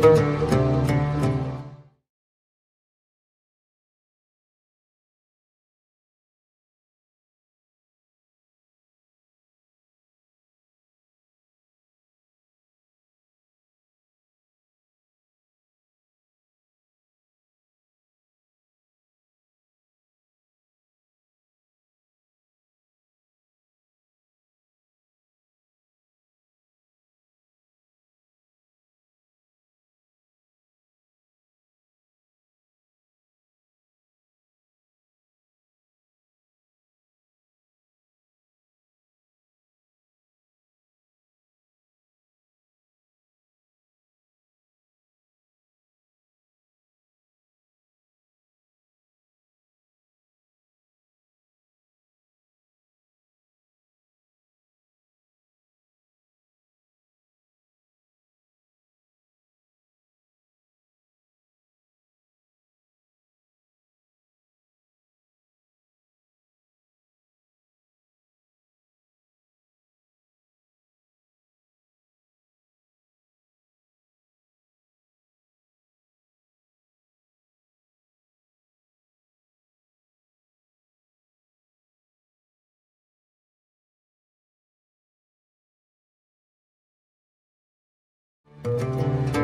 Música Música